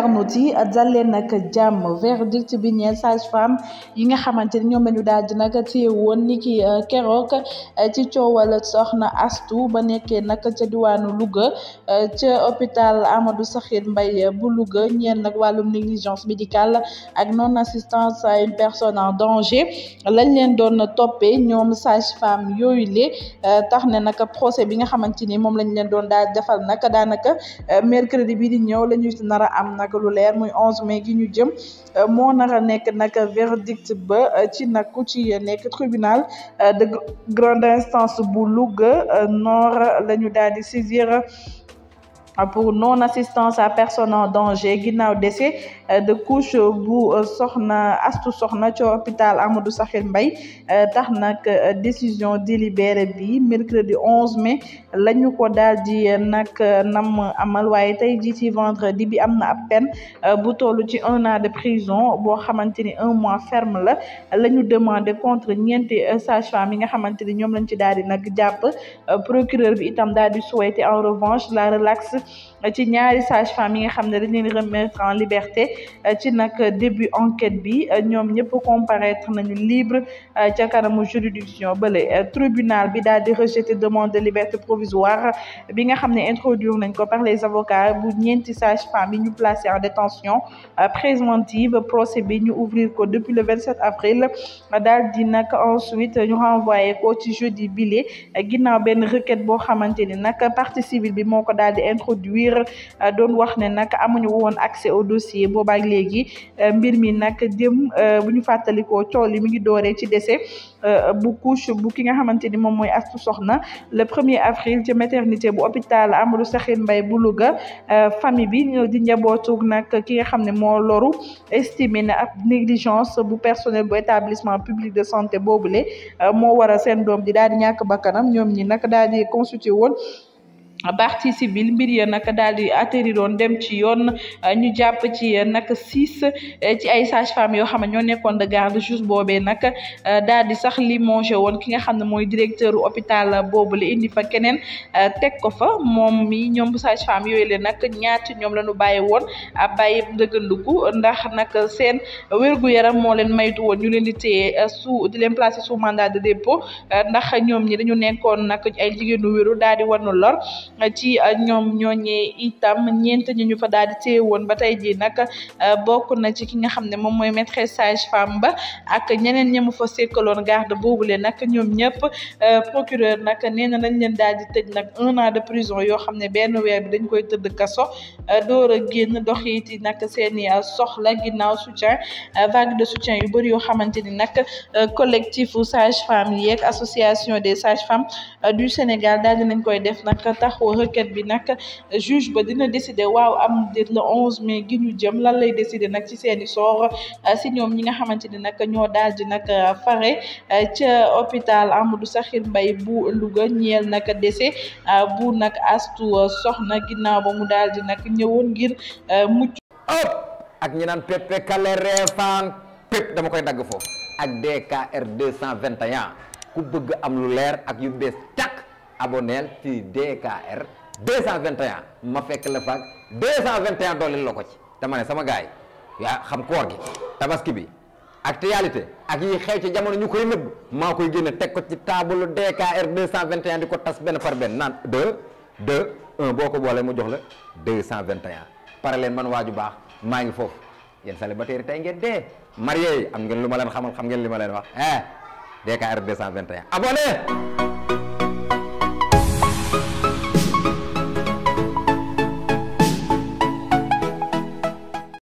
internautes yi dal leen nag jàmm verdict bi ñeel sage femme yi nga xamante ni ñoom lañu daal di nag téye woon ni ki euh, keroog euh, ci coowal soxna astu ba nekkee nag ca diwaanu Louga euh, ca hôpital Amadou Sakhir mbay bu Louga ñeel nag wàllum négligence médicale ak non assistance à une personne en danger lañ leen doon toppee ñoom sage femme yooyu le tax ne nag procès bi nga xamante ni moom lañ leen doon daal defal nag daanaka mercredi bi di ñëw lañu nar a am nag lu leer muy 11 mai gi ñu jëm euh, moo nar a nekk nag verdict ba euh, ci nag ku ci nekk tribunal euh, de grande instance bu Louga Nord la ñu daal di saisir Ah, pour non-assistance à personne en danger ginnaaw décès euh, de couche bu euh, soxna astu soxna ci hôpital Amadou Sakhir Mbaye euh, tax nag décision délibérée bi mercredi mais mai lañu ko daal di nag nam amal waaye tey jii ci vendredi bi am na ab peine bu toll ci un an de prison boo xamante ni un mois ferme la la ñu demandé contre ñeenti sage-femme yi nga xamante ni ñoom lañ ci daal di nag jàpp procureur bi itam daal di en revanche la relaxe Euh, ci ñaari sage femme yi nga xam ne dañ leen remettre en liberté euh, ci nag début enquête bi euh, ñoom ñëpp comparaître nañu libre ca kanamu juridiction bële tribunal bi daal di rejeter demande de liberté provisoire bi nga xam ne introduire nañ ko par les avocats bu ñeenti sage femme yi ñu placé en détention préventive procès bi ñu ouvrir ko depuis le 27 avril daal di nag ensuite ñu renvoyé ko ci jeudi bile ginnaaw benn requête boo xamante ni nag partie civile produire euh, doon wax ne nag amuñu woon accès au dossier boobaak léegi euh, mbir mi nag dem euh, bu ñu fàttalikoo tool yi mi ngi dooree ci décès bu couche bu ki nga xamante ni moom mooy Astou Soxna le premier avril ci maternité bu hôpital Amadou Sakhir Mbaye bu Louga famille bi di njabootu nag ki nga xam ne moo loru estimé ab négligence bu personnel bu établissement public de santé boobule moo waral seen doom di daal di ñàkk bakkanam ñoom ñi nag daal di woon ci partie civile mbir ya nag daal di atterriroon dem ci yoon ñu jàpp ci nag six ci ay sages-femmes yoo xam ne ñoo nekkoon de garde juste boobee nag daal di sax limogé woon ki nga xam ne mooy directeur hôpital boobu la indi fa keneen teg ko fa moom mi ñoom sages-femmes yooyu la nag ñaati ñoom la ñu bàyyi woon bàyyi dëgganduku ndax nag seen wér-gu-yaram moo leen maytu woon ñu leen di téye sous di leen placer sous mandat de dépôt ndax ñoom ñi dañu nekkoon nag ay jigéenu wéru daal di wanu lor ci ñoom ñooñee itam ñeent ñu ñu fa daal di téye woon ba tey jii nag bokk na ci ki nga xam ne moom mooy maîtresse sage femme ba ak ñeneen ñamu fa sekkaloon garde boobule nag ñoom ñëpp procureur nag nee na lañ leen daal di tëj nag un an de prison yoo xam ne benn weer bi dañ koy tëdd kaso door a génn doxiiti nag seeni soxla ginnaaw soutien vague de soutien yu bëri yoo xamante ni nag collectifu sage femme yi yeeg association des sages femmes du Sénégal daal di nañ koy def nag tax dàqoo requête bi nag juge ba dina décider waaw am de le onze mais gi ñu jëm lan lay décider nag ci seeni soor si ñoom ñi nga xamante ni nag ñoo daal di nag euh, fare euh, ca hôpital du Sakhir mbay bu luga ñeel nag décès euh, bu nag astu soxna ginnaaw ba mu dal di nag ñëwoon ngir mucc ak ñi naan pep kale reefaan pep dama koy dagg foofu ak DKR 221 ku bëgg am lu leer ak yu bees tàkk aboneel ci DKR 221 ma fekk la faak 221 dooleel la ko ci te ma ne sama gars yi yaa xam koor gi tabaski bi actualité ak yi xew ci jamono ñu koy nëbb maa koy génne teg ko ci taabalu DKR 221 di ko tas benn par benn naan 2 2 1 boo ko boolee mu jox la de 221 par leen man waaju baax maa ngi foofu yéen célibataire tey ngeen de marié yi am ngeen lu ma leen xamal xam ngeen li ma leen wax eh DKR 221 abonné